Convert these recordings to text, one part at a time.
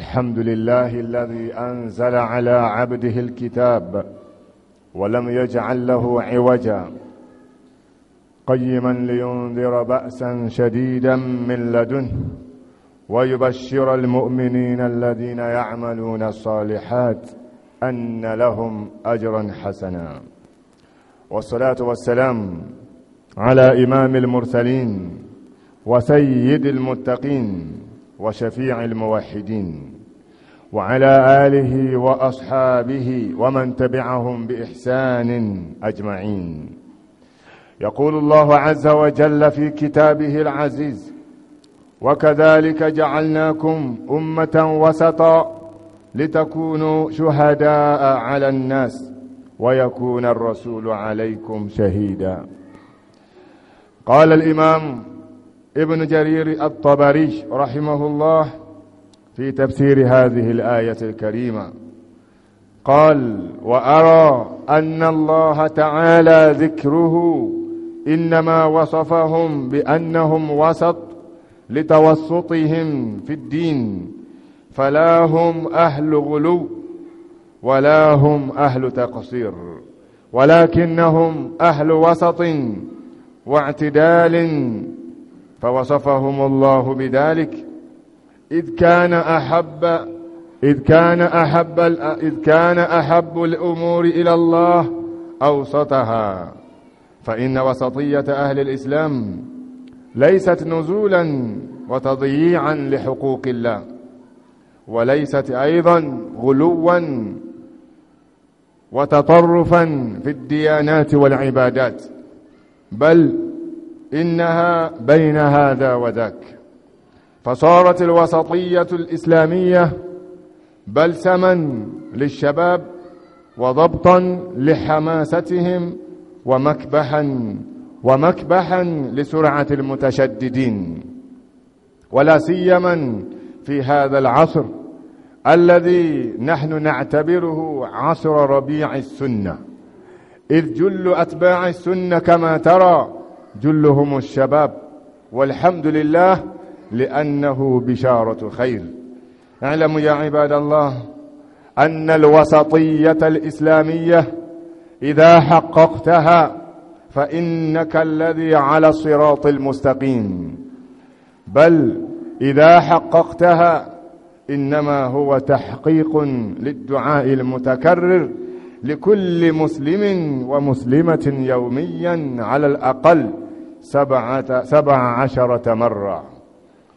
الحمد لله الذي أنزل على عبده الكتاب ولم يجعل له عوجا قيما لينذر بأسا شديدا من لدنه ويبشر المؤمنين الذين يعملون الصالحات أن لهم أجرا حسنا والصلاة والسلام على إمام المرسلين وسيد المتقين وشفيع الموحدين وعلى آله وأصحابه ومن تبعهم بإحسان أجمعين يقول الله عز وجل في كتابه العزيز وكذلك جعلناكم أمة وسطا لتكونوا شهداء على الناس ويكون الرسول عليكم شهيدا قال الإمام ابن جرير الطبري رحمه الله في تفسير هذه الآية الكريمة قال وأرى أن الله تعالى ذكره إنما وصفهم بأنهم وسط لتوسطهم في الدين فلا هم أهل غلو ولا هم أهل تقصير ولكنهم أهل وسط واعتدال فوصفهم الله بذلك إذ كان أحب إذ كان أحب إذ كان أحب الأمور إلى الله أوسطها فإن وسطية أهل الإسلام ليست نزولا وتضييعا لحقوق الله وليست أيضا غلوا وتطرفا في الديانات والعبادات بل إنها بين هذا وذاك فصارت الوسطية الإسلامية بلسما للشباب وضبطا لحماستهم ومكبحا ومكبحا لسرعة المتشددين ولا سيما في هذا العصر الذي نحن نعتبره عصر ربيع السنة إذ جل أتباع السنة كما ترى جلهم الشباب والحمد لله لأنه بشارة خير اعلموا يا عباد الله أن الوسطية الإسلامية إذا حققتها فإنك الذي على الصراط المستقيم بل إذا حققتها إنما هو تحقيق للدعاء المتكرر لكل مسلم ومسلمة يوميا على الأقل سبعة سبع عشرة مرة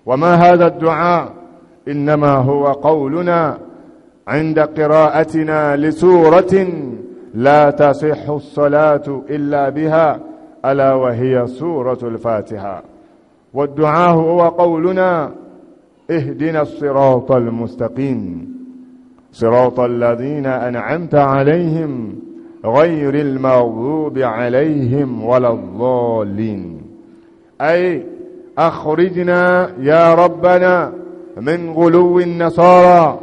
وما هذا الدعاء إنما هو قولنا عند قراءتنا لسورة لا تصح الصلاة إلا بها ألا وهي سورة الفاتحة والدعاء هو قولنا اهدنا الصراط المستقيم صراط الذين أنعمت عليهم غير المغضوب عليهم ولا الضالين أي أخرجنا يا ربنا من غلو النصارى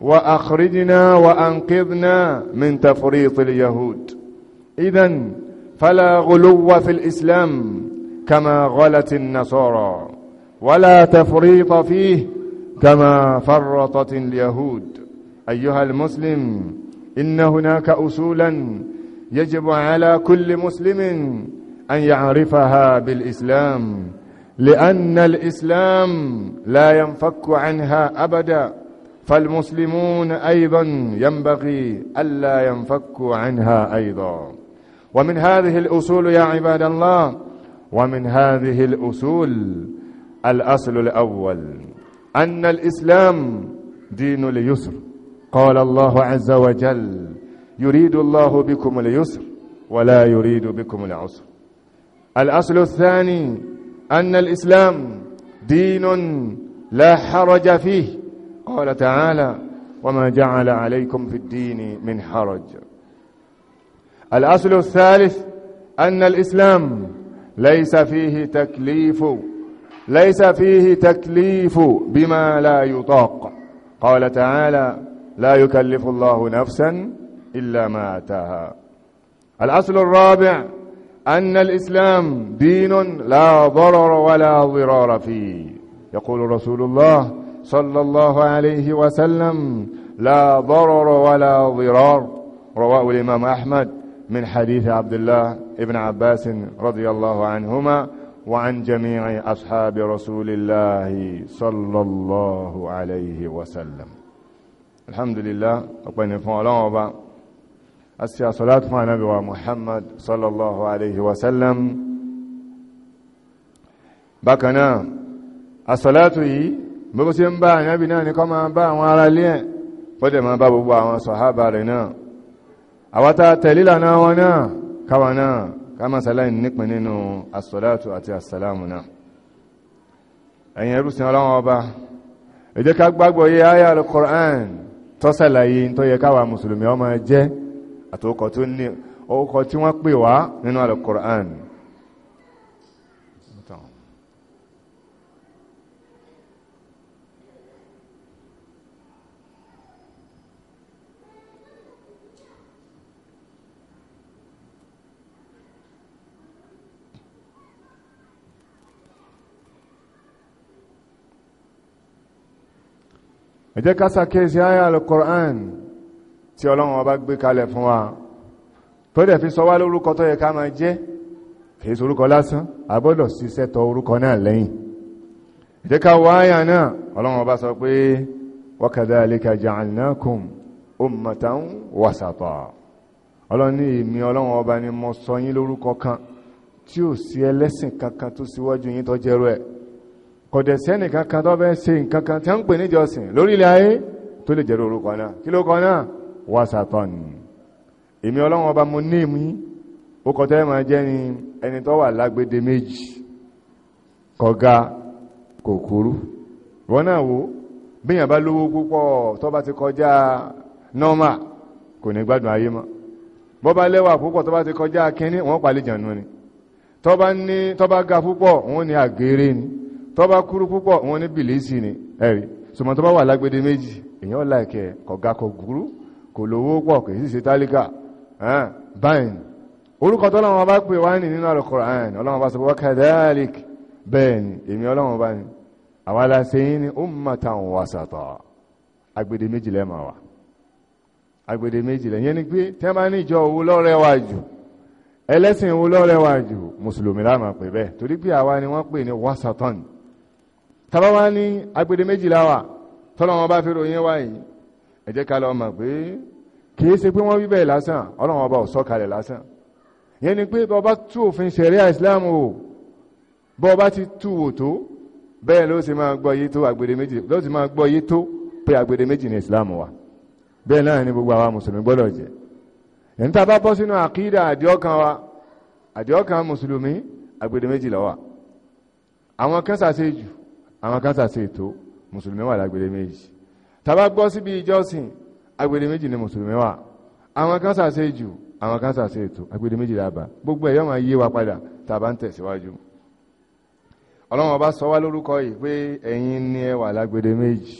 وأخرجنا وأنقذنا من تفريط اليهود إذا فلا غلو في الإسلام كما غلت النصارى ولا تفريط فيه كما فرطت اليهود أيها المسلم إن هناك أصولا يجب على كل مسلم أن يعرفها بالإسلام لأن الإسلام لا ينفك عنها أبدا فالمسلمون أيضا ينبغي ألا ينفكوا عنها أيضا ومن هذه الأصول يا عباد الله ومن هذه الأصول الأصل الأول أن الإسلام دين اليسر قال الله عز وجل يريد الله بكم اليسر ولا يريد بكم العسر الأصل الثاني أن الإسلام دين لا حرج فيه قال تعالى وما جعل عليكم في الدين من حرج الأصل الثالث أن الإسلام ليس فيه تكليف ليس فيه تكليف بما لا يطاق قال تعالى لا يكلف الله نفسا إلا ما أتاها الأصل الرابع أن الإسلام دين لا ضرر ولا ضرار فيه يقول رسول الله صلى الله عليه وسلم لا ضرر ولا ضرار رواه الإمام أحمد من حديث عبد الله ابن عباس رضي الله عنهما وعن جميع أصحاب رسول الله صلى الله عليه وسلم الحمد لله أقول نفعل الله àti àsọ̀látù fún ànábì wa Muhammad sallallahu alaihi wasallam bákanáà àsọ̀látù yìí bọ́bọ́ sí ń bá ànábì náà ní kọ́ máa bá àwọn ará ilé ẹ̀ bọ́dẹ̀ máa bá gbogbo àwọn sọ̀hábà rẹ̀ náà àwátá tẹ̀lílà náà wọn náà káwa náà ká máa sàlẹ̀ nípìn nínú àsọ̀látù àti àsàlámù náà ẹ̀yin ẹrú sin ọlọ́wọ́ ọba ẹ ká gbàgbọ́ yé áyà al-Qur'an tó yẹ káwa mùsùlùmí ó máa àtòkọ tó ní orúkọ tí wọ́n pè wá nínú alukur'an ẹ jẹ́ ká ṣàkíyèsí àyà alukur'an tí ọlọ́run ọba gbé kalẹ̀ fún wa tó dẹ̀ fi sọ wá lórúkọ tó yẹ ká máa jẹ́ kìí sọ orúkọ lásán àbọ́dọ̀ ṣiṣẹ́ tọ orúkọ náà lẹ́yìn jẹ́ ká wáyà náà ọlọ́run ọba sọ pé wa kadhalika ja'alnakum ummatan wasata ọlọ́run ní èmi ọlọ́run ọba ni mo sọ yín lórúkọ kan tí ò sí tó lè jẹ́rú orúkọ náà kí ló kọ náà wasatan èmi ọlọ́run ọba mo ní ìmú ó kọtẹ́ ma jẹ́ ni ẹni tó wà lágbèdè méjì kọ̀ga kòkúrú wọ́n náà wo bíyàn bá lówó púpọ̀ tó bá ti kọjá nọ́mà kò ní gbádùn ayé mọ́ bọ́ bá lẹ́wà púpọ̀ tó bá ti kọjá kínní wọ́n palẹ̀ jànú ni tó bá ní tó bá ga púpọ̀ wọ́n ní àgéré ni tó bá kúrú púpọ̀ wọ́n ní bìlísì ni ẹ̀rí sùmọ́ tó bá wà lágbèdè méjì èèyàn láìkẹ́ kọ̀ga kòkúrú kò lówó pọ̀ kì í sì ṣe tálíkà báyìí orúkọ tó Ọlọ́run bá pè wá ní nínú Al-Qur'an Ọlọ́run bá sọ pé kadhalik bẹ́ẹ̀ ni èmi Ọlọ́run bá ní àwa la ṣe yín ní ummatan wasata agbede méjì lẹ́mà wa agbede méjì lẹ́yìn yẹn ni pé tẹ́ bá ní ìjọ owó lọ́rẹ́wà jù ẹlẹ́sìn owó lọ́rẹ́wà jù mùsùlùmí láàmà pè bẹ́ẹ̀ torí pé àwa ni wọ́n pè ní wasatan tàbá wá ní agbede méjì láwà tọ́lọ́wọ́n bá fi ròyìn wáyìí ẹ jẹ́ ká lọ mọ̀ pé kìí ṣe pé wọ́n wí bẹ́ẹ̀ lásán ọlọ́run ọba ò sọ̀kalẹ̀ lásán yẹn ni pé bọba tú òfin ṣẹ̀ríà Islam o bọba ti tú wò tó bẹ́ẹ̀ ló sì máa gbọ́ yé tó àgbèrè méjì ló sì máa gbọ́ yé tó pé àgbèrè méjì ní Islam wa bẹ́ẹ̀ náà ni gbogbo àwa mùsùlùmí gbọ́dọ̀ jẹ́ ẹ̀ńtà bá bọ́ sínú àkídà àdìọ́kan wa àdìọ́kan mùsùlùmí àgbèrè méjì ló àwọn kan ṣàṣe jù àwọn kan ṣàṣe ètò mùsùlùmí wà lágbèrè méjì tàbá gbọ́ síbi ìjọsìn agbede méjì ni mùsùlùmí wà àwọn kan ṣàṣe jù àwọn kan ṣàṣe ètò agbede méjì lába gbogbo ẹ̀ máa yé wa padà tàbá ń tẹ̀síwájú ọlọ́run ọba sọ wá lórúkọ yìí pé ẹ̀yin ni ẹ wà lágbede méjì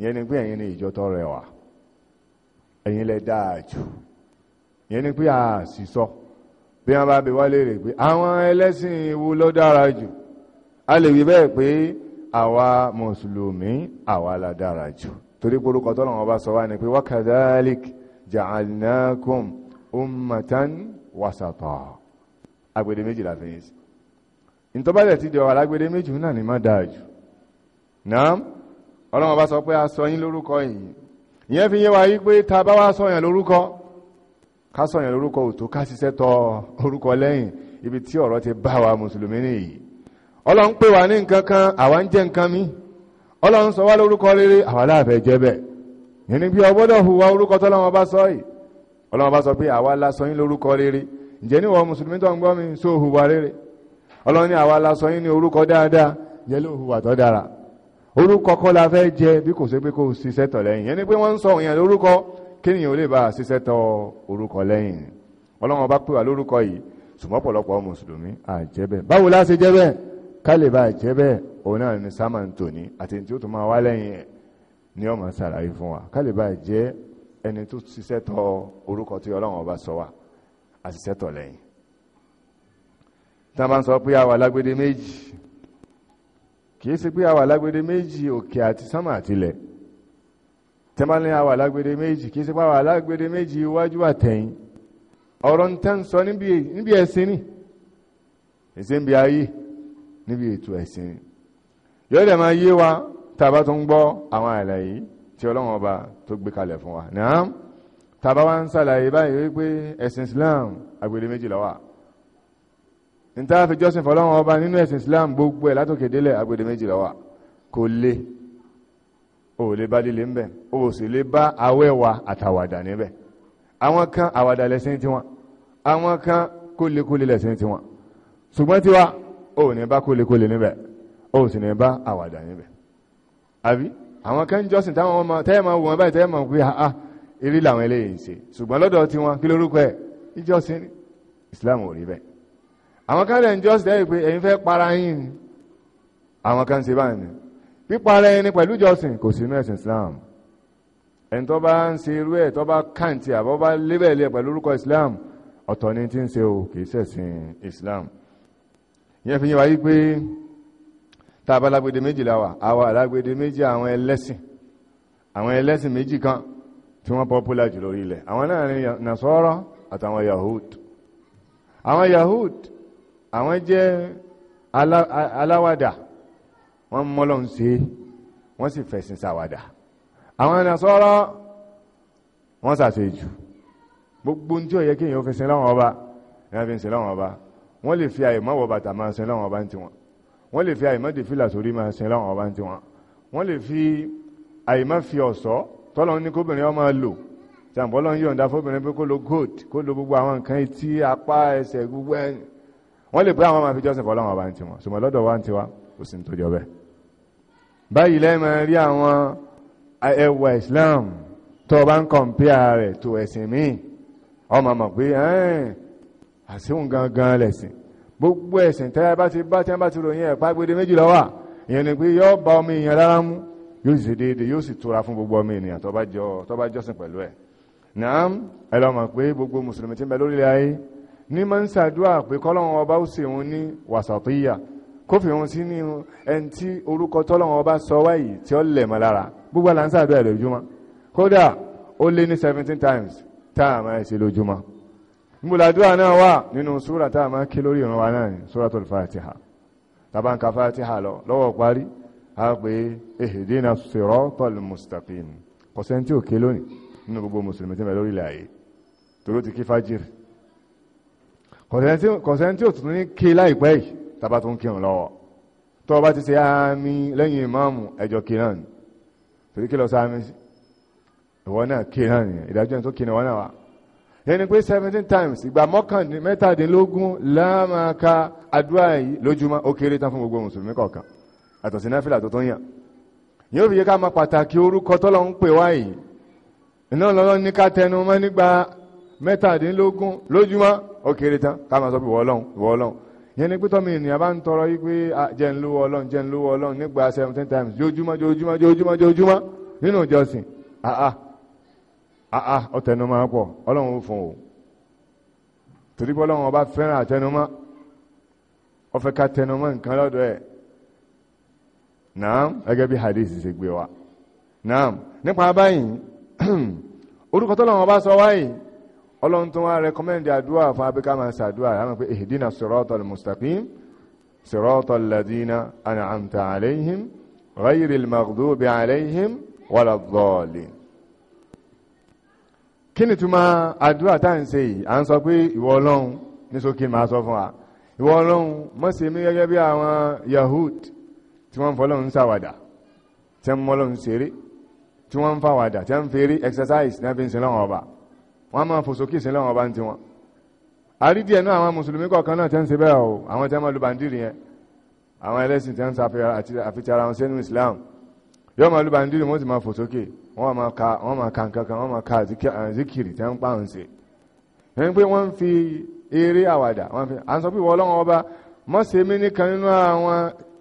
ìyẹn ni pé ẹ̀yin ni ìjọ tó rẹwà ẹ̀yin lẹ dáa jù ìyẹn ni pé a sì sọ bí wọ́n bá bi wá léèrè pé àwọn ẹlẹ́sìn wo ló dára jù a lè wí bẹ́ẹ̀ pé àwa mùsùlùmí àwa la dára jù torí porúkọ tọ́lọ̀ wọn bá sọ wá ní pé wakadhalik ja'alnakum ummatan wasata agbede méjì la fẹ́yìn sí ìtọ́bàlẹ̀ ti jọ alágbede méjì náà ni má dáa jù náà ọlọ́wọ́n bá sọ pé a sọ yín lórúkọ yìí ìyẹn fi yé wa yí pé ta bá wá sọ yàn lórúkọ ká sọ yàn lórúkọ òtó ká ṣiṣẹ́ tọ orúkọ lẹ́yìn ibi tí ọ̀rọ̀ ti bá wa mùsùlùmí nìyí ọlọ́run pè wá ní nǹkan kan àwa ń jẹ́ nǹkan míì ọlọ́run sọ wá lórúkọ rere àwa láàfẹ́ jẹ́ bẹ́ẹ̀ yẹn ni bí ọgbọ́dọ̀ hùwà orúkọ tọ́lọ́wọ́n bá sọ yìí ọlọ́run bá sọ pé àwa lásọ yín lórúkọ rere ǹjẹ́ níwọ̀ mùsùlùmí tó ń gbọ́ mi sọ hùwà rere ọlọ́run ní àwa lásọ yín ní orúkọ dáadáa yẹ ló hùwà tó dára orúkọ kọ́ la fẹ́ jẹ bí kò ṣe pé kò ṣiṣẹ́ tọ̀ lẹ́yìn yẹn ni pé wọ́n ń sọ òyìn lórúkọ kéèyàn ò lè bá ṣiṣẹ́ tọ̀ orúkọ lẹ́yìn ọlọ́run bá pè wá lórúkọ yìí ṣùgbọ́n mùsùlùmí àjẹbẹ̀ báwo la ṣe jẹ́ bẹ́ẹ̀ ká lè bá jẹ́ òun náà ni sámà ń tòní àti tí ó tún máa wá lẹ́yìn ẹ̀ ní ọmọ sàlàyé fún wa ká lè bá jẹ́ ẹni tó ṣiṣẹ́ tọ orúkọ tí ọlọ́run ọba sọ wa àṣiṣẹ́ tọ̀ lẹ́yìn tá a bá ń sọ pé àwa lágbédé méjì kì ṣe pé àwa lágbédé méjì òkè àti sámà àtilẹ̀ tẹ́mọ́lẹ́ àwa lágbédé méjì kì ṣe pé àwa lágbédé méjì iwájú àtẹ̀yìn ọ̀rọ̀ ń tẹ́ ń sọ níbi ẹ̀sìn ni ẹ̀sìn ń bi ayé níbi ètò ẹ̀sìn ni yóò dẹ̀ máa yé wa tá a bá tún gbọ́ àwọn àlàyé tí ọlọ́run ọba tó gbé kalẹ̀ fún wa náà tá a ń ṣàlàyé báyìí wípé ẹ̀sìn Islam agbèlè méjì ló wà níta fi jọ́sìn fọlọ́run ọba nínú ẹ̀sìn Islam gbogbo ẹ̀ látòkè délẹ̀ agbèlè méjì ló kò lè o lè bá líle ń bẹ̀ o sì lè bá awẹ́wà àtàwàdà níbẹ̀ àwọn kan àwàdà lẹ́sìn tiwọn àwọn kan kólékólé lẹ́sìn tiwọn ṣùgbọ́n tiwa o ní bá kólékólé níbẹ̀ ó sì ní bá àwàdà níbẹ̀ àbí àwọn kan jọ́sìn táwọn ọmọ tẹ́ẹ̀mọ̀ wọn báyìí tẹ́ẹ̀mọ̀ pé àá ah, ah, eré làwọn eléyìí ń ṣe ṣùgbọ́n lọ́dọ̀ tí wọn kí lórúkọ ẹ̀ ìjọsìn Islam ò rí bẹ́ẹ̀ àwọn kan lẹ́yìn jọ́sìn tẹ́ẹ̀ pé ẹ̀yin fẹ́ para yín ni àwọn kan ṣe báyìí pípara ẹni pẹ̀lú jọ́sìn kò sí mẹ́sìn Islam ẹni tó bá ń ṣe irú ẹ̀ tó bá kàǹtì àbọ̀ bá lébẹ̀lẹ̀ pẹ̀lú orúkọ Islam ọ̀tọ̀ ni ti ń ṣe o kì í ṣẹ̀sìn Islam ìyẹn fi yẹn wáyé pé tá a bá lágbède méjì láwà àwa àlágbède méjì àwọn ẹlẹ́sìn àwọn ẹlẹ́sìn méjì kan tí wọ́n pọ́pùlà jù lórí ilẹ̀ àwọn náà ni nasọ́rọ́ àtàwọn yahood àwọn yahood àwọn jẹ́ aláwàdà wọ́n mọ́lọ̀ ń ṣe wọ́n sì fẹ̀sìn ṣàwàdà àwọn nasọ́rọ́ wọ́n ṣàṣejù gbogbo tí ó yẹ kí èèyàn fi sin láwọn ọba èèyàn fi sin láwọn ọba wọ́n lè fi àyè mọ́wọ́ bàtà máa sin láwọn ọba ń tiwọn wọ́n lè fi àìmọ́dé fìlà sórí máa sin láwọn ọba tí wọn wọ́n lè fi àìmọ́ fi ọ̀ṣọ́ tọ́lọ́ ní kóbìnrin ọmọ lò jàǹbọ́lọ́ ń yọ̀ǹda fóbìnrin pé kó lo gold kó lo gbogbo àwọn nǹkan etí apá ẹsẹ̀ gbogbo ẹ̀yìn wọ́n lè pé àwọn máa fi jọ́sìn fọlọ́wọn ọba tí wọn ṣùgbọ́n lọ́dọ̀ wa ti wa kò sí tó jọ bẹ́ẹ̀. báyìí lẹ́yìn máa rí àwọn ẹwà Islam tó o bá ń kọ̀ǹpìà rẹ̀ tó ẹ̀sìn míì ọmọ mọ̀ pé ẹ̀ẹ́n àṣìwọ̀n gangan lẹ̀sìn gbogbo ẹ̀sìn tẹ́lá bá ti bá tẹ́ bá ti ròyìn ẹ̀pá gbede méjì lọ́wà ìyẹn ni pé yóò bá ọmọ èèyàn rárá mú yóò sì déédé yóò sì tóra fún gbogbo ọmọ ènìyàn tó bá jọ́sìn pẹ̀lú ẹ̀ náà ẹlọ́mọ̀ pé gbogbo mùsùlùmí ti ń bẹ lórílẹ̀ ayé ní máa ń ṣàdúrà pé kọ́lọ́run ọba ó sì òun ní wàsàtíyà kó fi òun sí ní ẹni tí orúkọ tọ́lọ́run ọba sọ wáyìí tí ó lẹ̀ mọ́ lára gbogbo là lójúmọ́ kódà ó lé ní seventeen times tá a máa ṣe lójúmọ́ múlàdúrà náà wà nínú súra tá a máa kí lórí ìran wa náà ni súratul Fatiha tàbá ń ka Fatiha lọ lọ́wọ́ parí a pé ihdina siratal mustaqim kò sẹ́ni tí ò ké lónìí nínú gbogbo mùsùlùmí tí mẹ́ lórí ilẹ̀ ayé tòró ti kí fájìrì kò tí ò tuntun ní ké láìpẹ́ tàbá tó ń kírun lọ́wọ́ tó bá ti ṣe àmì lẹ́yìn ìmáàmù ẹjọ́ e kí náà ni torí kí lọ sí àmì ìwọ náà kí náà ni ìdájọ́ tó kí ni wọ́n náà ẹni pé seventeen times ìgbà mọ́kàndínlógún lámàka àdúrà yìí lójúmọ́ ó kéré tán fún gbogbo mùsùlùmí kọ̀ọ̀kan àtọ̀sí náfìlà tó tún yàn yóò fi yé ká máa pàtàkì orúkọ tọ́lọ́ ń pè wá yìí iná lọ́lọ́ ní ká tẹnu mọ́ nígbà mẹ́tàdínlógún lójúmọ́ ó kéré tán ká máa sọ pé ìwọ Ọlọ́run yẹn ni pé tọ́mi ènìyàn bá ń tọrọ yìí pé jẹ́ ń lówó Ọlọ́run jẹ́ ń lówó Ọlọ́run nígbà seventeen times jójúmọ́ jójúmọ́ jójúmọ́ jójúmọ́ nínú ìjọsìn ah ah àà ah, ah, ọ̀tẹnumọ́ pọ̀ ọlọ́run ó fún o torí pé ọlọ́run ọba fẹ́ràn àtẹnumọ́ ó fẹ́ ká tẹnumọ́ nǹkan lọ́dọ̀ ẹ̀ naam gẹ́gẹ́ bí hadith ṣe gbé wa naam nípa báyìí orúkọ tọ́lọ́run ọba sọ wáyìí ọlọ́run tó wá rẹkọmẹ́ndì àdúrà fún abíká máa ṣàdúrà láwọn pé ihdina siratal mustaqim siratal ladina an'amta alayhim ghayril maghdubi alayhim waladdallin kí ni túmọ̀ àdúrà tá à ń ṣe yìí à ń sọ pé ìwọ ọlọ́run ní sókè máa sọ fún wa ìwọ ọlọ́run mọ̀ ṣe mí gẹ́gẹ́ bí àwọn Yahud tí wọ́n ń fọlọ́run ṣàwàdà tí wọ́n mọ́lọ́run ṣeré tí wọ́n ń fàwàdà tí wọ́n ń feré exercise náà fi ń sin lọ́wọ́ ọba wọ́n máa fò sókè sin lọ́wọ́ ọba ń tiwọn. àrídìí ẹ̀nú àwọn mùsùlùmí kọ̀ọ̀kan náà tí ń ṣe bẹ́ẹ̀ o àwọn tí wọ́n máa lu bàndìrì yẹn àwọn ẹlẹ́sìn tí wọ́n Islam yóò máa lu bàndìrì wọ́n máa ka wọ́n máa ka nǹkan kan wọ́n máa ka eh, zikiri tẹ́ ń pa ń ṣe ẹni pé wọ́n fi eré àwàdà wọ́n fi à ń sọ pé ìwọ ọlọ́run ọba mọ́ ṣe mí nìkan nínú àwọn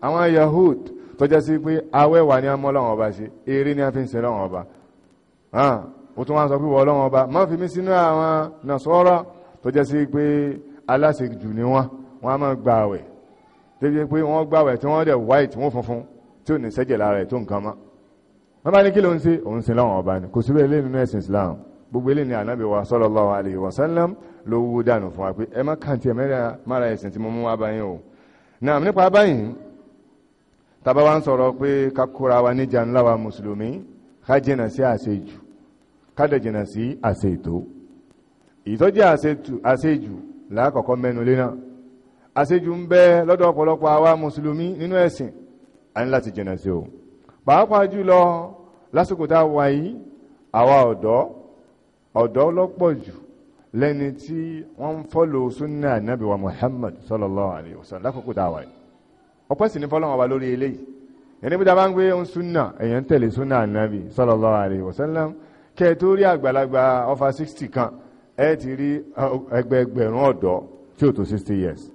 àwọn yahood tọ́já sí pé awẹ́wà ni a mọ́ ọlọ́run ọba ṣe eré ni a fi ọlọ́run ọba ó tún wá sọ pé ìwọ ọlọ́run ọba mọ́ fi mí sínú àwọn nàṣọ́rọ́ tọ́já sí pé aláṣejù ni wọ́n wọ́n á máa gbààwẹ̀ tẹ́jẹ́ pé wọ́n white wọ́n funfun tí ò wọ́n bá ní kí ló ń ṣe òun sin láwọn ọba ni kò síbẹ̀ ilé nínú ẹ̀sìn Islam gbogbo ilé ni ànábì wa sallallahu alaihi wasallam ló wú dànù fún wa pé ẹ má kàntì ẹ mẹ́rin mára ẹ̀sìn tí mo mú wá báyìí o náà nípa báyìí tàbá wa ń sọ̀rọ̀ pé kakura wa níjà ńlá wa mùsùlùmí ká jìnà sí àṣejù ká dẹ̀ jìnà sí àṣètò ìtọ́jú àṣejù lákọ̀ọ́kọ́ mẹ́nu lé náà àṣejù ń bẹ lọ́dọ̀ ọ̀pọ̀lọpọ̀ àwa mùsùlùmí nínú ẹ̀sìn a ní jìnà sí o pàápàá jùlọ lásìkò tá a wà yìí àwa ọ̀dọ́ ọ̀dọ́ lọ́pọ̀ jù lẹ́ni tí wọ́n ń fọ́lò súnà nàbì wa Muhammad sallallahu alayhi wa sallam lákòókò tá a ni fọ́lọ́wọ́n wa lórí eléyìí ẹni bí dábàá ń gbé ń sallallahu alayhi wa sallam kẹ́ ẹ tó sixty kan ẹ ti rí ẹgbẹẹgbẹ̀rún tó sixty years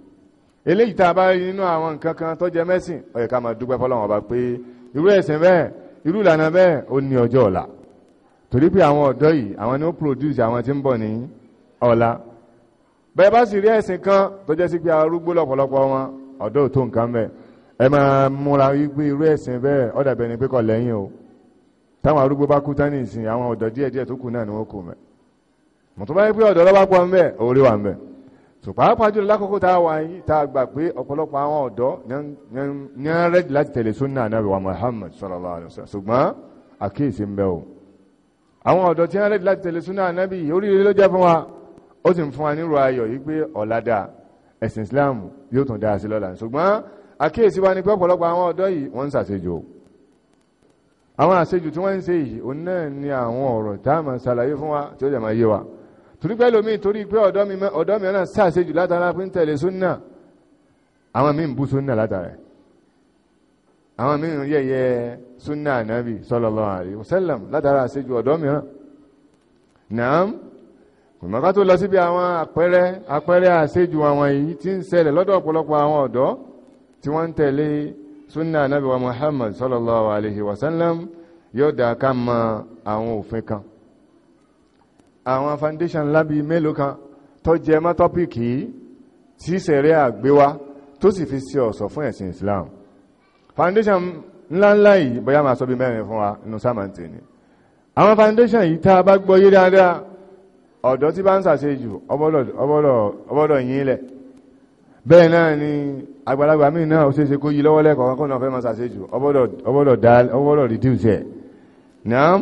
eléyìí tá a bá rí nínú àwọn nǹkan kan tó jẹ mẹ́sìn ó yẹ ká máa dúpẹ́ pé irú ẹ̀sìn bẹ́ẹ̀ irú ìlànà bẹ́ẹ̀ ó ní ọjọ́ ọ̀la torí pé àwọn ọ̀dọ́ yìí àwọn ni ó produce àwọn tí ń bọ̀ ní ọ̀la bẹ́ẹ̀ bá sì rí ẹ̀sìn kan tó jẹ́ sí pé arúgbó lọ́pọ̀lọpọ̀ wọn ọ̀dọ́ ò tó nǹkan bẹ́ẹ̀ ẹ máa múra wípé irú ẹ̀sìn bẹ́ẹ̀ ọ̀dà bẹ́ẹ̀ ni pé kọ̀ lẹ́yìn o táwọn arúgbó bá kú tán ní ìsìn àwọn ọ̀dọ́ díẹ̀díẹ̀ tó kù náà ni wọ́n kù mẹ́ mọ̀tún bá yẹ pé ọ̀dọ́ lọ́pọ̀ ń bẹ́ẹ̀ orí wà ń bẹ́ẹ̀ so pàápàá jùlọ lákòókò tá a wà yìí tá a gbà pé ọ̀pọ̀lọpọ̀ àwọn ọ̀dọ́ ní ń sunna anabi wa muhammad sallallahu alaihi wa sallam ṣùgbọ́n àkíyèsí ń bẹ o àwọn ọ̀dọ́ tí ń rẹ́dì láti sunna anabi yìí oríire ló jẹ́ fún wa ó sì ń fún wa nírò ayọ̀ yìí pé ọ̀làdà ẹ̀sìn islam yóò tún dáa sí lọ́la ṣùgbọ́n àkíyèsí wa ni pé ọ̀pọ̀lọpọ̀ àwọn ọ̀dọ́ yìí wọ́n ń ṣàṣejù àwọn àṣejù tí wọ́n ń ṣe yìí òun náà ni àwọn ọ̀rọ̀ tá a máa ṣàlàyé fún wa tí ó jẹ́ máa yé wa torí pé lómi torí pé ọ̀dọ́ mìíràn sàṣejù látara pé ń tẹ̀lé súnà àwọn míì ń bú súnà látara ẹ̀ àwọn míì ń yẹ̀yẹ́ súnà ànábì sallallahu alaihi wasallam látara àṣejù ọ̀dọ́ mìíràn naam ìmọ̀ká tó lọ síbi àwọn àpẹẹrẹ àpẹẹrẹ àṣejù àwọn yìí tí ń ṣẹlẹ̀ lọ́dọ̀ ọ̀pọ̀lọpọ̀ àwọn ọ̀dọ́ tí wọ́n ń tẹ̀lé súnà ànábì wa Muhammad sallallahu alaihi wasallam yóò dá ká mọ àwọn foundation lábí mélòó kan tó jẹ mọ́ tọ́pìkì tí sẹ̀rẹ́ àgbéwá tó sì fi ṣe ọ̀sọ̀ fún ẹ̀sìn Islam foundation ńláńlá yìí bóyá máa sọ bí mẹ́rin fún wa inú sámàntì ni àwọn foundation yìí tá a bá gbọ́ yé dáadáa ọ̀dọ́ tí bá ń sàṣe jù ọbọ́dọ̀ yín lẹ̀ bẹ́ẹ̀ náà ni àgbàlagbà míì náà ó ṣe é ṣe kó yí lọ́wọ́ lẹ́kọ̀ọ́ kan kó náà fẹ́ máa sàṣe jù ọbọ́dọ̀ reduce ẹ̀ náà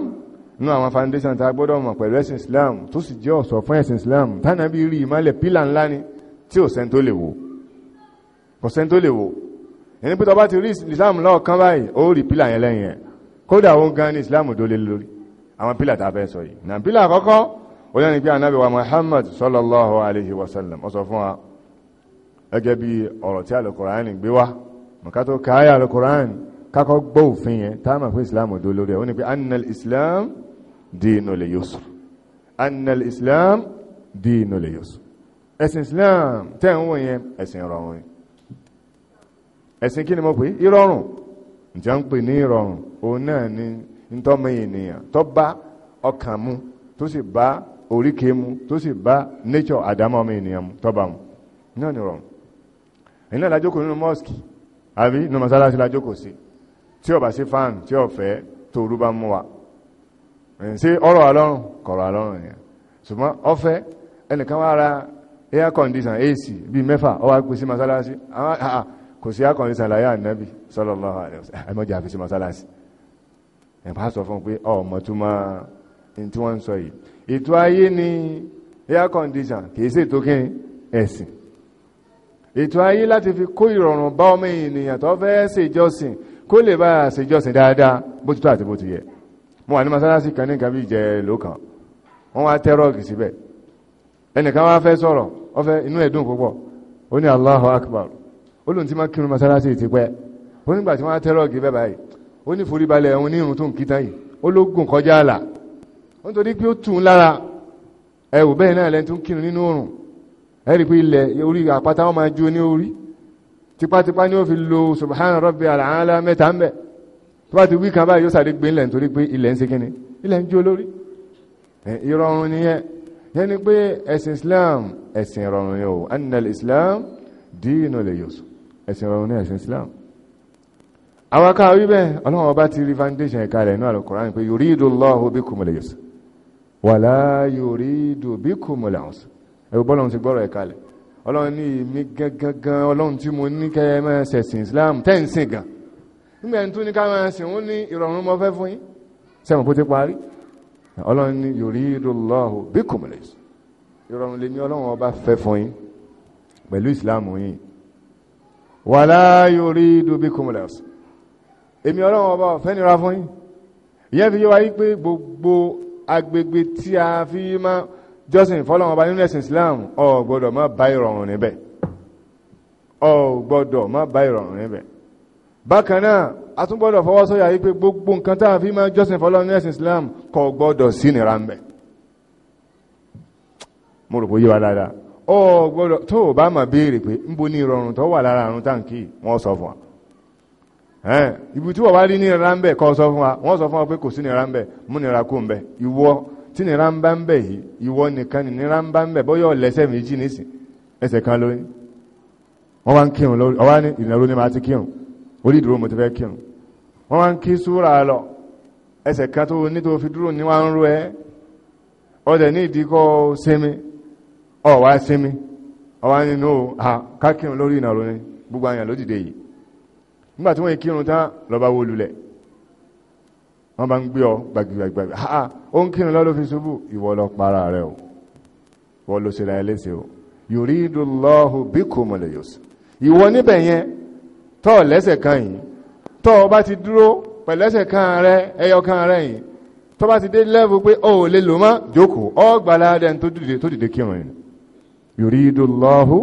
nínú àwọn foundation tá a gbọ́dọ̀ mọ̀ pẹ̀lú ẹ̀sìn Islam tó sì jẹ́ ọ̀sọ̀ fún ẹ̀sìn Islam tánà bí rí ìmọ́lẹ̀ pílà ńlá ni tí ò sẹ́ni tó lè wò kò sẹ́ni tó lè wò ẹni pé tó bá ti rí Islam lọ́ọ̀kan báyìí ó rí pílà yẹn lẹ́yìn ẹ̀ kódà ó ń gan ní Islam dólé lórí àwọn pílà tá a fẹ́ sọ yìí nà pílà àkọ́kọ́ ó lẹ́ni pé anábì wa Muhammad sallallahu alayhi wa sallam ó sọ fún wa gẹ́gẹ́ bí ọ̀rọ̀ tí alukùránì gbé wá mọ̀kátó káyà alukùránì kákọ́ gbọ́ òfin yẹn táàmà fún Islam dólórí ẹ̀ ó ní pé annal Islam dínú lè yóò sùn annal islam dínú lè yóò sùn ẹ̀sìn islam tẹ́ ń wò yẹn ẹ̀sìn ìrọ̀rùn ẹ̀sìn kí ni mo pè ìrọ̀rùn ǹjẹ́ ń pè ní ìrọ̀rùn òun náà ni ntọ́mọ ènìyàn tó bá ọkàn mu tó sì bá oríkèé mu tó sì bá nature àdámọ́ ọmọ ènìyàn mu tó bá mu náà ni ìrọ̀rùn iná ìlàjókò nínú mọ́ọ̀sì àbí nínú mọ́sálásí ìlàjókò sí tí ó bá sí fáàn tí ó fẹ́ tó rú bá mú wa Eh, ṣe ọ̀rọ̀ alọ́run kọ̀rọ̀ alọ́run ni ṣùgbọ́n ọ̀fẹ́ ẹnìkan wá ra air condition AC bíi mẹ́fà ó wá sí masalasi kò sí air condition láyé ànábì sallallahu alaihi wasallam ẹmọjà fi sí masalasi ẹ̀bá sọ fún pé ọmọ tó máa ń tí wọ́n ń sọ yìí ètò ayé ni air condition kìí ṣe tó kí ẹ̀sìn ètò ayé láti fi kó ìrọ̀rùn bá ọmọ ènìyàn tó fẹ́ ṣèjọsìn kó lè bá ṣèjọsìn dáadáa bó ti tó àti bó ti yẹ mo wà ní masalasi kan ní nǹkan bí jẹ ló kan wọ́n wá tẹ́rọ̀gì síbẹ̀ ẹnìkan wá fẹ́ sọ̀rọ̀ ọfẹ́ inú ẹ̀dùn púpọ̀ ó ní Allahu Akbar ó lóun ti máa kírun masalasi ti pẹ́ ó nígbà tí wọ́n wá tẹ́rọ̀gì bẹ́ẹ̀ báyìí ó ní foríbalẹ̀ ẹ̀hún ní irun tó ń kí tán yìí ó ló gùn kọjá àlà ó ń torí pé ó tù ú lára ẹ̀wù bẹ́ẹ̀ náà lẹ́ni tó ń kírun nínú òrùn ẹ rí i pé ilẹ̀ orí àpáta wọn máa jó ní orí tipátipá ni ó fi lo subhana rabbi alaala mẹ́ta ń bẹ́ẹ̀ tó bá ti wí kan báyìí yóò sáré gbé ńlẹ̀ nítorí pé ilẹ̀ ń ṣe kíni ilẹ̀ ń jó lórí ìrọ̀rùn nìyẹn yẹn ni pé ẹ̀sìn Islam ẹ̀sìn ìrọ̀rùn yẹn o annal Islam dínú lè yòsù ẹ̀sìn ìrọ̀rùn ní ẹ̀sìn Islam àwọn aká wí bẹ́ẹ̀ ọlọ́run ọba ti rí foundation ẹ̀ka rẹ̀ ní Al-Qur'an pé yuridu Allahu bikumul yusra wala yuridu bikumul usra ẹ̀rù bọ́lọ́run ti gbọ́rọ̀ ẹ̀ka rẹ̀ ọlọ́run ní ìmí gangan ọlọ́run tí mo ní kẹ́ ẹ máa ṣẹ̀sìn Islam tẹ́ǹsìn gan nígbà ẹni tó ní ká máa sìn wọ́n ní ìrọ̀rùn mọ́ fẹ́ fún yín sẹ́wọ̀n kó ti parí ọlọ́run ní yuridullahu bikumul yusr ìrọ̀rùn lèmi ọlọ́run ọba fẹ́ fún yín pẹ̀lú ìsìláàmù yín wala yuridu bikumul usr èmi ọlọ́run ọba ọ̀fẹ́ nira fún yín ìyẹn fi yé wa yí pé gbogbo agbègbè tí a fi máa jọ́sìn fọ́lọ́run ọba nínú ẹ̀sìn islam ò gbọ́dọ̀ má bá ìrọ̀rùn níbẹ̀ ò gbọ́dọ̀ má bá ìrọ̀rùn níbẹ̀ bákanáà a tún gbọ́dọ̀ fọwọ́sọ́yà wípé gbogbo nǹkan tá a fi máa jọ́sìn Islam kò gbọ́dọ̀ sí nira ń mo rò ọ gbọ́dọ̀ tó o bá máa béèrè pé ń bo ní ìrọ̀rùn tó wà lára àrùn táǹkì wọ́n sọ fún wa ibi tí wọ́n rí kọ́ sọ fún nira mú nira ń bá ń bẹ̀ yìí ìwọ nìkan kan lóyún wọ́n wá ń kírun lórí ọwá ní orí ìdúró mo ti fẹ́ kírun wọ́n wá ń kí súra lọ ẹsẹ̀ kan tó ní tó fi dúró ní wá ń ro ẹ́ ọdẹ ní ìdíkọ́ sinmi ọ̀wá sinmi ọwá nínú kákírun lórí ìnàrò ní gbogbo àyàn ló dìde yìí nígbàtí wọ́n kírun tán lọ́ba wó lulẹ̀ wọ́n bá ń gbé ọ gbàgbàgbàgbà ha ó ń kírun lọ́lọ́ fi ṣubú ìwọ lọ para rẹ o wọ́n ló ṣe ra ẹlẹ́sẹ̀ o yòrí ìdúlọ́hù bí ìwọ níbẹ̀ yẹn tọ́ lẹ́sẹ̀ kan yìí tọ́ ọ bá ti dúró pẹ̀lẹ́sẹ̀ kan rẹ ẹyọ kan rẹ yìí tọ́ bá ti dé lẹ́bù pé ọ ò lè lò mọ́ jókòó ọ gbàlá dẹni tó dìde tó dìde kírun yìí yuridu Allahu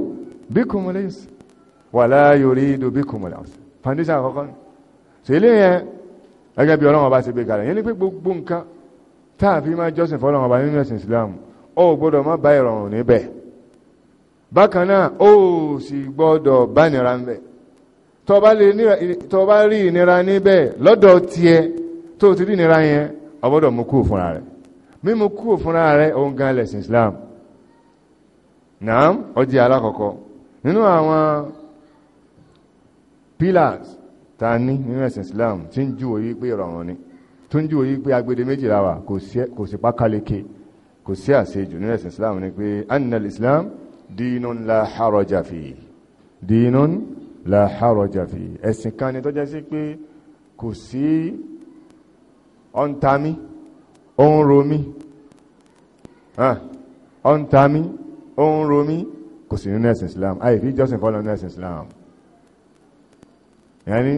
bikumul yusra wala yuridu bikumul usra foundation àkọ́kọ́ ṣèlè yẹn gẹ́gẹ́ bí ọlọ́run ọba ti gbé kalẹ̀ yẹn ni pé gbogbo nǹkan táàfin máa jọ́sìn fọlọ́run ọba nínú ẹ̀sìn Islam ó gbọ́dọ̀ má bá ìrọ̀rùn níbẹ̀ bákan náà ó sì gbọ́dọ̀ tó bá rí ìnira níbẹ̀ lọ́dọ̀ tiẹ̀ tó ti rí ìnira yẹn ọgbọ́dọ̀ mú kúrò fúnra rẹ̀ mímú kúrò fúnra rẹ̀ òun gan lẹ̀sìn Islam naam ọjẹ́ alákọ̀ọ́kọ́ nínú àwọn pillars ta ní nínú ẹ̀sìn Islam tí ń júwò yí pé ìrọ̀rùn ni tó ń júwò yí pé agbede méjìlá wà kò sí pákáleke kò sí àṣejù nínú ẹ̀sìn Islam ni pé annal Islam dinun la haraja fi dinun la haraja fi ẹ̀sìn kan ni tó jẹ́ sí pé kò sí ọ̀ntami ọ̀nromi ọ̀ntami ọ̀nromi kò sí nínú ẹ̀sìn Islam àìfi ìjọsìn fọ́lọ́ nínú ẹ̀sìn Islam yẹni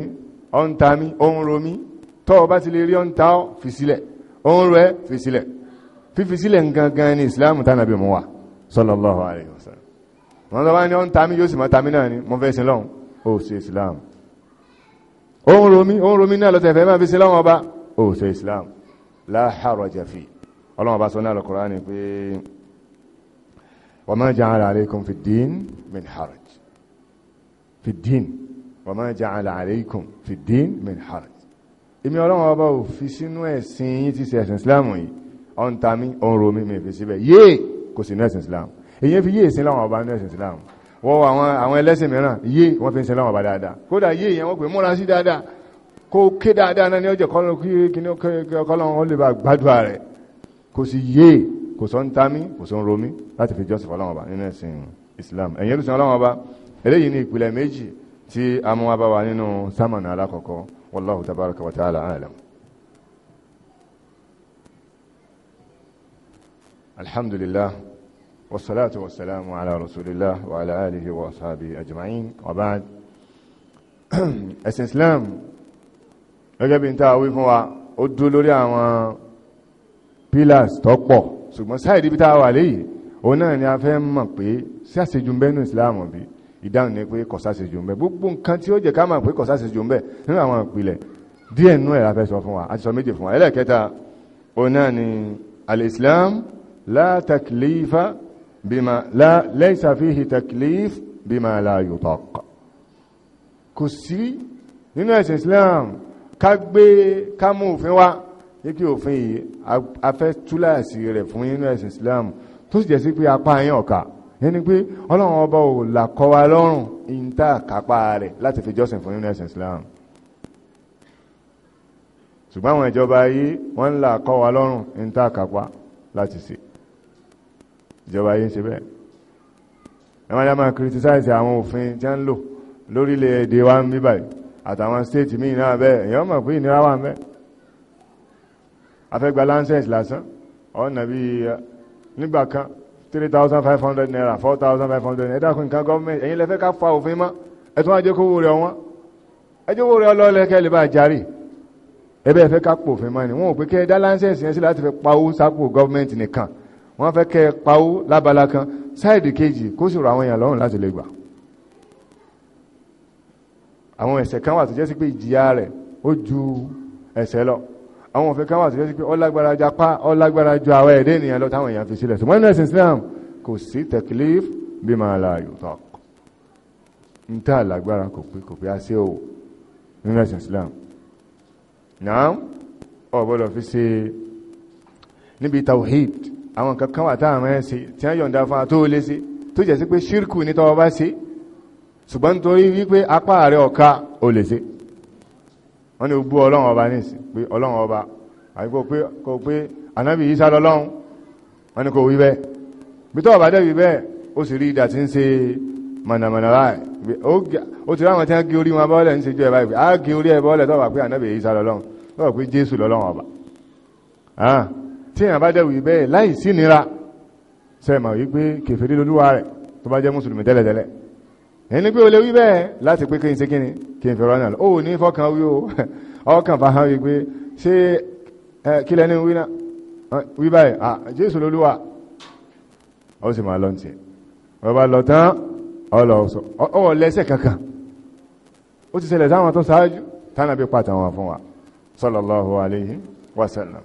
ọ̀ntami ọ̀nromi tọ́ ọ bá ti lè rí ọ̀ntá fi sílẹ̀ ọ̀nro ẹ fi sílẹ̀ fífi sílẹ̀ gangan ni Islam tánàbí mú wa sallallahu alayhi wa sallam wọ́n lọ bá ní ọ̀ntami yóò sì mọ́ tami náà ni mo fẹ́ sin lọ́hùn ó ṣe islam ohun romi ohun romi náà lọ́tẹ̀ fẹ́ máa fi sí láwọn ọba ó ṣe islam la haraja fi ọlọ́wọ́n bá sọ ní al-Qur'ani pé wa ma ja'ala alaykum fi ddin min haraj fi ddin wa ma ja'ala alaykum fi ddin min haraj èmi ọlọ́wọ́n ọba ò fi sínú ẹ̀sìn yìí ti ṣe ẹ̀sìn islam yìí ọ̀n tami romi mi fi síbẹ̀ yéè kò sí ní ẹ̀sìn islam èyí fi yéè sí láwọn ọba ní ẹ̀sìn islam wọ́wọ́ àwọn ẹlẹ́sìn mìíràn yé wọ́n fi ń sẹ́lọ́wọ́ bá dáadáa kódà yé ìyẹn wọ́n pè múra sí dáadáa kó ké dáadáa náà ní ọjọ́ kọ́lọ́n ó lè bá gbádùá rẹ̀ kò sì yé kò sọ ń ta mí kò sọ ń romí láti fi jọ́sìn fọlọ́wọ́ bá nínú ẹ̀sìn Islam ẹ̀yìn ẹlùsìn ọlọ́wọ́ bá eléyìí ní ìpìlẹ̀ méjì tí a mú wa bá wa nínú sámọ̀nà alákọ̀ọ́kọ́ wallahu tabaraka wa ta'ala alam alhamdulillah والصلاة والسلام على رسول الله وعلى آله وأصحابه أجمعين وبعد الإسلام gẹ́gẹ́ bí n ta wí fún wa ó dúró lórí àwọn pillars tó pọ̀ ṣùgbọ́n sáìdì bí ta wà léyìí òun náà ni a fẹ́ mọ̀ pé sí àṣejù ń bẹ nínú Islam bí ìdáhùn ni pé kò sáṣejù ń bẹ gbogbo nǹkan tí ó jẹ́ ká mọ̀ pé kò sáṣejù ń bẹ nínú àwọn ìpìlẹ̀ díẹ̀ nínú ẹ̀ la fẹ́ sọ fún wa a ti sọ méje fún wa ẹlẹ́ẹ̀kẹta òun náà ni al-Islam la taklifa bima la laysa fihi taklif bima la yutaq kò sí nínú ẹ̀sìn Islam ká gbé ká mú òfin wá ní kí òfin yìí afẹ́ túláàsì rẹ̀ fún nínú ẹ̀sìn Islam tó sì jẹ́ sí pé apá yẹn ọ̀ka ẹni pé ọlọ́run ọba ò làkọ́ wa lọ́rùn ìta kápá rẹ̀ láti fi jọ́sìn fún nínú ẹ̀sìn Islam ṣùgbọ́n àwọn ìjọba yìí wọ́n ń làkọ́ wa lọ́rùn ìta kápá láti ṣe ìjọba yìí ń ṣe bẹ́ẹ̀ ẹwọ́n yá máa criticize àwọn òfin tí a ń lò lórílẹ̀ èdè wa ń bíbà àtàwọn state míì náà bẹ́ẹ̀ èèyàn mọ̀ pé ìnira wà ń bẹ́ẹ̀ afẹ́gba license lásán ọ̀nà bíi eh, nígbà kan three thousand five hundred naira four thousand five hundred naira ẹ̀dá kun nǹkan gọ́ọ̀mẹ̀ntì ẹ̀yin lẹ́fẹ́ ká fa òfin mọ́ ẹ̀tún ajé kówó rẹ̀ wọ́n ẹjọ́ wo rẹ̀ ọlọ́ọ̀lẹ́ kẹ́ lè bá járì ẹbẹ́ ẹ̀fẹ́ ká pòfin mọ́ ni wọn ò pé kẹ́ ẹ̀dá license yẹn sí láti fi pa owó sápò gọ́ọ̀mẹ̀ntì nìkan wọ́n fẹ́ kẹ́ pawó lábala kan sáìdì kejì kó sì rọ àwọn èèyàn lọ́rùn láti lè gbà àwọn ẹ̀ṣẹ̀ kan wà tó jẹ́ sí pé ìjìyà rẹ̀ ó ju ẹ̀ṣẹ̀ lọ àwọn òfin kan wà tó jẹ́ sí pé ọlágbára ju apá ọlágbára ju àwọn ẹ̀dẹ́ ènìyàn lọ táwọn èèyàn fi sílẹ̀ ṣùgbọ́n nínú ẹ̀sìn Islam kò sí teklif bí máa la yòótọ́ ń tà lágbára kò pé kò pé á sí o nínú ẹ̀sìn Islam náà ọ̀bọ̀dọ̀ fi ṣe níbi tawhid àwọn nǹkan kan wà táwọn máa ń ṣe tí wọ́n yọ̀ǹda fún wa tó lé sí tó jẹ́ sí pé ṣírkù ní tọ́wọ́ bá ṣe ṣùgbọ́n nítorí wípé apá rẹ̀ ọ̀ka ò lè ṣe wọ́n ní gbú ọlọ́run ọba nísì pé ọlọ́run ọba àyíkò pé kò pé ànábì yìí sálọ lọ́run wọ́n ní kò wí bẹ́ẹ̀ bí tọ́wọ́ bá dẹ̀ wí bẹ́ẹ̀ ó sì rí ìdà tí ń ṣe mọ̀nàmọ̀nà láì ó ti ráwọn tí wọ́n gé orí wọn bọ́ọ̀lẹ̀ ń ṣe jọ á gé orí ẹ̀ bọ́ọ̀lẹ̀ tọ́wọ́ pé ànábì yìí sálọ lọ́run tọ́wọ́ pé Jésù lọ́lọ́run ọba tí èèyàn bá dẹ̀wì bẹ́ẹ̀ láì sí nira sẹ́mà wípé kèfèrí lolúwa rẹ̀ tó bá jẹ́ mùsùlùmí tẹ́lẹ̀tẹ́lẹ̀ ẹni pé o lè wí bẹ́ẹ̀ láti pé kéyìn sí kíni kí n fẹ̀rọ náà ó ní fọ́kàn wí o ọkàn fàhán wípé ṣé kí lẹ́ni wí náà wí báyìí jésù lolúwa ó sì máa lọ tiẹ̀ ọba lọ tán ọlọ sọ ọ lẹ́sẹ̀ kankan ó ti ṣẹlẹ̀ sáwọn tó ṣáájú tánàbí pàtàwọn fún wa sallallahu alayhi wa sallam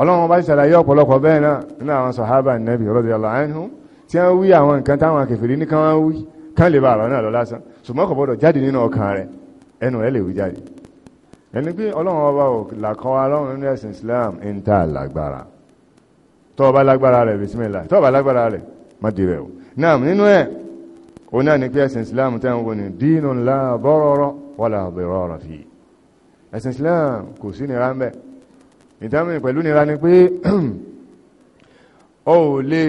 ọlọ́run bá ṣàlàyé ọ̀pọ̀lọpọ̀ bẹ́ẹ̀ náà nínú àwọn sàhábà nẹ́bì radiyallahu anhum tí wọ́n wí àwọn nǹkan táwọn kèfèrí ní káwọn wí kán lè bá àrọ̀ náà lọ lásán ṣùgbọ́n kò gbọ́dọ̀ jáde nínú ọkàn rẹ̀ ẹnu rẹ̀ lè wí jáde ẹni pé ọlọ́run ọba ò làkọ́ ọlọ́run nínú ẹ̀sìn Islam ń ta lágbára tọ́ ọba lágbára rẹ̀ bisimilá tọ́ ọba lágbára rẹ̀ má di rẹ̀ o náà nínú ẹ̀ o náà ni pé ẹ̀sìn Islam tẹ́ ń wo ni dínú ńlá bọ́rọ̀rọ̀ wọ́lá ọ̀bẹ̀rọ̀ ọ̀rọ̀ fi ẹ̀sìn Islam kò sí nira ń ìdámì pẹ̀lú nira ni pé ọ ò lè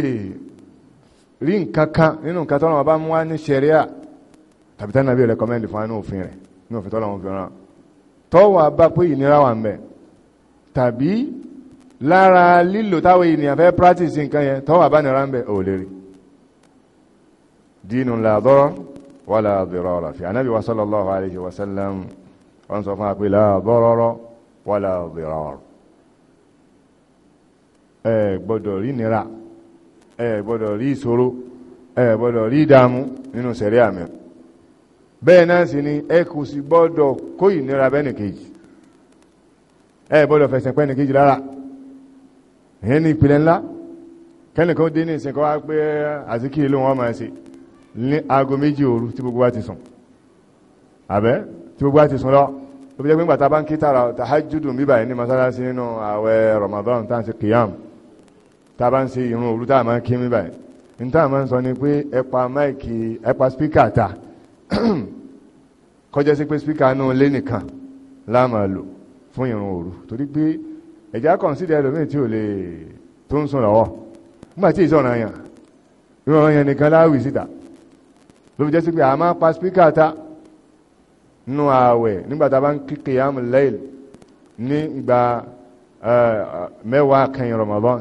rí nǹkan kan nínú nǹkan tọ́lọ́run bá mú wá ní ṣẹ̀ríà tàbí tánà bí rẹ̀kọ́mẹ́ndì fún inú òfin rẹ̀ ní òfin tọ́lọ́run fi ràn tọ́wọ́ bá pé ìnira wà ń bẹ̀ tàbí lára lílò táwọn ènìyàn fẹ́ practice nǹkan yẹn tọ́wọ́ bá nira ń bẹ̀ lè rí dínú la wà la dìrọ̀rọ̀ fi anábì wa wa sallam wọ́n sọ fún wa pé la wà la ẹ gbọ́dọ̀ rí nira ẹ gbọ́dọ̀ rí ìṣòro ẹ gbọ́dọ̀ rí ìdààmú nínú sẹ̀rí àmì bẹ́ẹ̀ náà sì ni ẹ kò sì gbọ́dọ̀ kó ìnira bẹ́ẹ̀ nìkejì ẹ gbọ́dọ̀ fẹsẹ̀ pẹ́ nìkejì lára ìyẹn ní ìpìlẹ̀ ńlá kẹ́nìkan dé ní ìsìnkọ́ wá pé àsìkí ìlú wọn máa ṣe ní aago méjì òru tí gbogbo wa ti sùn àbẹ́ tí gbogbo wa ti sùn lọ tó fi jẹ́ pé ńgbà tá a bá ń kí tààrà tàhájúdù bíbà yìí ní masalasi nínú ààwẹ̀ Ramadan tá à ń ṣe kìyàmù tá a bá ń ṣe irun òru tá a máa ń kí mi báyìí ní tá a máa ń sọ ni pé ẹ pa máìkì ẹ pa spíkà ta kọjá sí pé spíkà náà lé nìkan la máa lò fún irun òru torí pé ẹ̀já kọ̀ǹsídẹ̀ ẹlòmíì tí ò lè tó ń sùn lọ́wọ́ nígbà tí ìṣọ̀ràn yàn ìrọ̀rùn yẹn nìkan láwì síta ló fi jẹ́ sí pé a máa pa spíkà ta nínú ààwẹ̀ nígbà tá a bá ń kíkè yàmù ní ìgbà eh, mẹ́wàá kẹyìn Ramadan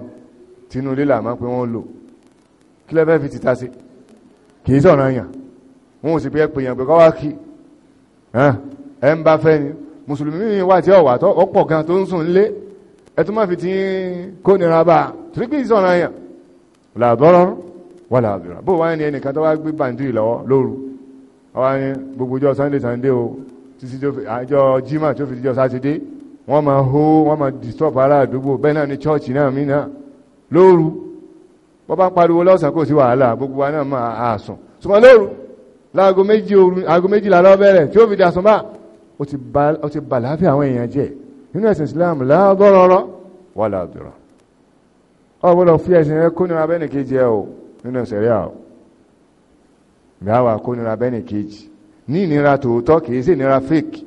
tínú ilé ma pé wọ́n lò kí lẹ́fẹ́ fi títà sí kìí sọ̀rọ̀ yàn wọ́n ò sì pé ẹ̀pẹ̀ yàn pé kọ́wá kí ẹ ń bá fẹ́ ni mùsùlùmí wà tí ọ̀wà tó ọ̀pọ̀ gan tó ń sùn lé ẹ tó má fi ti kó nira bá torí pé ìsọ̀rọ̀ yàn làbọ́rọ̀ wà làbìrà bó wá ní ẹnìkan tó wá gbé bàǹdì lọ́wọ́ lóru wá ní gbogbo ọjọ́ sunday sunday o títí àjọ jimá tó fi dijọ́ sátidé wọ́n máa hó wọ́n máa disturb ará àdúgbò bẹ́ẹ̀ náà ní chọ́ọ̀chì náà mí náà lóru bọ́ bá pariwo lọ́sàn kò sí wàhálà gbogbo wa náà máa àsùn ṣùgbọ́n lóru láago méjì òru aago méjìlá lọ bẹ̀rẹ̀ tí ó fi dàsùn bá ó ti bà láàfin àwọn èèyàn jẹ́ nínú ẹ̀sìn Islam láàgọ́rọ̀rọ̀ wà láàdúrọ̀ ọgbọ́dọ̀ fi ẹ̀sìn rẹ kó nira bẹ́ẹ̀nì kejì ẹ o nínú ìṣẹ̀rí àwọ̀ nira bẹ́ẹ̀nì kejì ní ìnira tòótọ́ kìí sí ìnira fake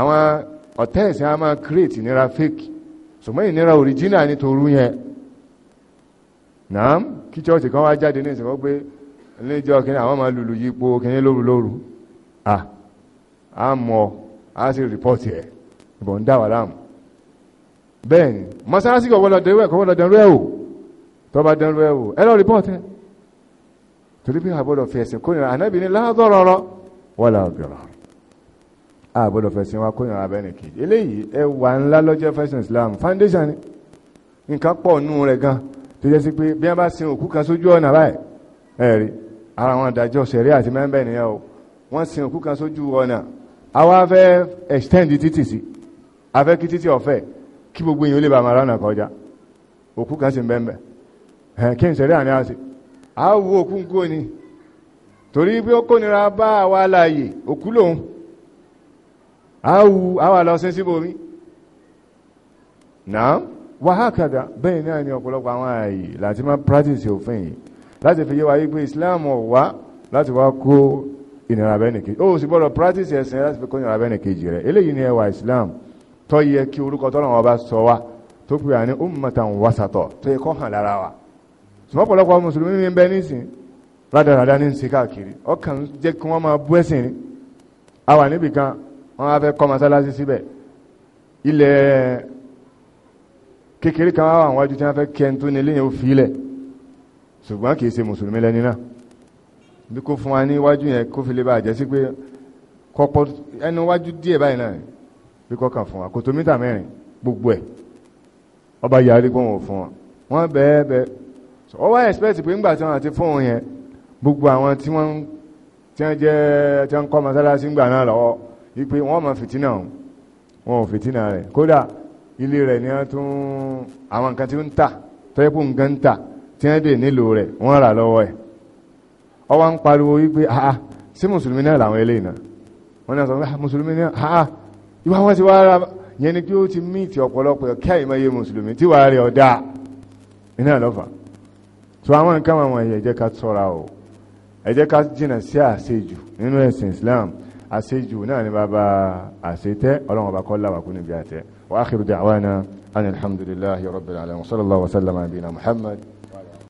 àwọn ọ̀tẹ́ ẹ̀sìn a máa create ìnira original ni tòru yẹn náà kí chọ́ọ̀tì kan wá jáde ní ìsìnkọ́ pé níjọ́ kìíní àwọn máa lùlù yípo kìíní lóru lóru à á mọ̀ á sì rìpọ́ọ̀tì ẹ̀ ìbọn ń dá wà láàmú bẹ́ẹ̀ ni mọ́sálásí kò wọ́lọ̀ dẹ̀rú ẹ̀ kò wọ́lọ̀ dẹ̀rú ẹ̀ o tó bá dẹ̀rú ẹ̀ o ẹ lọ rìpọ́ọ̀tì ẹ̀ torí bí àbọ̀dọ̀ fi ẹ̀sìn Islam foundation ni nǹkan tó jẹ́ sí pé bí wọ́n bá sin òkú kan sójú ọ̀nà báyìí ẹ̀rí ara wọn dájọ́ sẹ̀rí àti mẹ́ńbẹ̀ nìyẹn o wọ́n sin òkú kan sójú ọ̀nà àwa fẹ́ extend títì sí afẹ́ kí títì ọ̀fẹ́ kí gbogbo èèyàn lè bá máa ránà kọjá òkú kan sì ń bẹ́ẹ̀ bẹ́ẹ̀ kí n sẹ̀rí àní àti a wo òkú ń kó ni torí pé ó kónira bá àwa láàyè òkú lòun a wu àwa lọ sí síbòmí náà wàhákàdà bẹ́ẹ̀ náà ni ọ̀pọ̀lọpọ̀ àwọn ààyè láti máa practice òfin yìí láti fi yé wa wípé Islam wá láti wá kó ìnira bẹ́ẹ̀ nìkejì ó sì gbọ́dọ̀ practice ẹ̀sìn láti fi kó ìnira bẹ́ẹ̀ nìkejì rẹ̀ eléyìí ni ẹwà Islam tó yẹ kí orúkọ tọ́lọ́run ọba sọ wá tó pè àní ummatan wasatọ̀ tó yẹ kó hàn lára wa ṣùgbọ́n ọ̀pọ̀lọpọ̀ mùsùlùmí ń bẹ nísìn rádaràdá ní sí káàkiri ọkàn jẹ́ kí wọ́n máa bú ẹ̀sìn ni a wà níbì wọ́n á fẹ́ kọ́ masalasi síbẹ̀ ilẹ̀ kékeré kan wá wájú tí wọ́n fẹ́ kẹ́ tó nílé yẹn ó filẹ̀ ṣùgbọ́n kìí ṣe mùsùlùmí lẹ́ni náà bí kò fún wa ní wájú yẹn kó fi lè bá jẹ́ sí pé kọ́pọ̀ ẹnu wájú díẹ̀ báyìí náà bí kọ́ kàn fún wa kòtò mítà mẹ́rin gbogbo ẹ̀ ọba yarí pé wọn ò fún wa wọ́n bẹ́ẹ̀ bẹ́ẹ̀ ọ wá expect pé ńgbà tí wọ́n àti fóun yẹn gbogbo àwọn tí wọ́n tí wọ́n jẹ́ tí wọ́n kọ́ mọ́sálásí ńgbà náà lọ́wọ́ wípé wọ́n mọ fìtínà wọn ò fìtínà rẹ̀ kódà ilé rẹ̀ ni wọ́n tún àwọn nǹkan tí ń tà tọ́yẹ́pù nǹkan ń tà tí wọ́n dè nílò rẹ̀ wọ́n rà lọ́wọ́ ẹ̀ ó wá ń pariwo wípé ah sí ah, mùsùlùmí náà làwọn eléyìí náà wọ́n náà sọ pé ah, mùsùlùmí náà ah, ah ìwà wọn ti wá ra yẹn ni pé ó ti míìtì ọ̀pọ̀lọpọ̀ kí àìmọye mùsùlùmí tí wàá rí ọ̀dà iná lọ́fà tó àwọn nǹkan àwọn ẹ̀yẹ jẹ́ ká ṣọ́ra o ẹ ká jìnà sí àṣejù nínú ẹ̀sìn Islam àṣejù náà ni bàbá àṣetẹ́ ọlọ́run ọba kọ́ làwàkú níbi àtẹ́ وآخر دعوانا أن الحمد لله رب العالمين وصلى الله وسلم على نبينا محمد